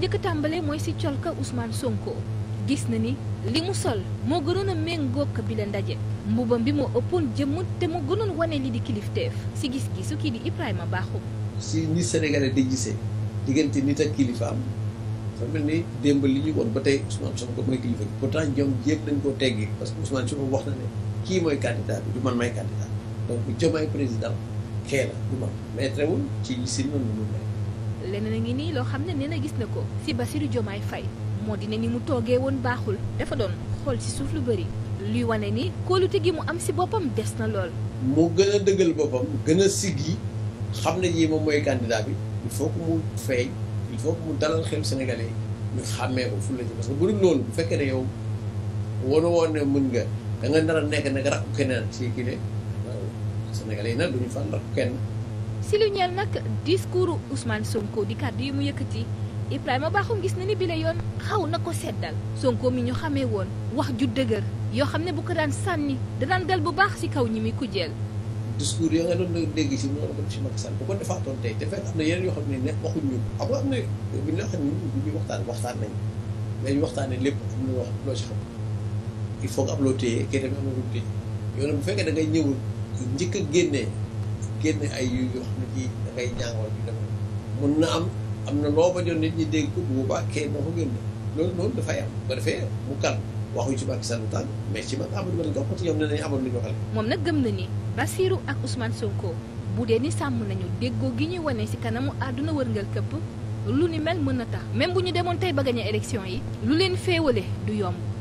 njëkk tàmbale mooy ci colka Ousmane Sonko gis na ni li mu sol moo gënoon a méngóog bi la ndaje mbubam bi moo ëppoon jëmm te moo gënoon wane li di kilifteef ci gis-gisu kii di Ibrahima Bakhoum. si ni Sénégalais di gisee diggante nit ak kilifaam dafa mel ni démb li ñu woon ba tey Ousmane Sonko mooy kilifa bi pourtant ñoom jéem nañ koo teggi parce que Ousmane Sonko wax na ne kii mooy candidat bi du man may candidat donc Diomaye président xëy na du man si leneen a ngi nii loo xam ne nee na gis na ko si Bassirou Diomaye Faye moo di ne ni mu toogee woon baaxul dafa doon xool si suuf lu bëri luy wane ni kóolute gi mu am si boppam des na lool. mu gën a dëggal boppam gën a siggi xam ne yii moom mooy candidat bi il faut que mu fay il faut que mu dalal xel Sénégalais ñu xàmmee ko fu la ci parce que bu dul loolu bu fekkee ne yow wanu woon ne mën nga danga nga nekk nag rakku keneen ci kii de waaw Sénégalais yi nag du ñu fan rakku kenn. si lu ñeel nag discours Ousmane Sonko di kàddu yi mu yëkkati Ibrahima Bakhoum gis na ni bile yoon xaw na ko seddal Sonko mi ñu xamee woon wax ju dëgër yoo xam ne bu ko daan sànni da daan dal bu baax si kaw ñi mi ku jël. discours yi nga doon dégg si mu nga doon si Macky bu ko defaatoon tey te fekk am na yeneen yoo xam ne ne waxuñ ñun xam am na bu ñu la waxee ñun bu ñu waxtaan waxtaan nañ mais ñu waxtaanee lépp am na wax loo si xam il faut que am loo da ngay ñëwul njëkk a génnee génne ay yu yoo xam ne ci da bi def mun na am am na loo bañoon nit ñi dégg ko bu boobaa kee moo ko génne loolu noonu dafay am bu ko defee mu kal waxuñu ci Macky Sall lu mais ci man Amadou Ba lañ dox parce nañu amoon lu ñu waxal. moom nag gëm na ni Bassirou ak Ousmane Sonko bu dee ni sàmm nañu déggoo gi ñuy wane si kanamu àdduna wërngal këpp lu ni mel mën a tax même bu ñu demoon tey ba gagné yi lu leen féewale du yomb.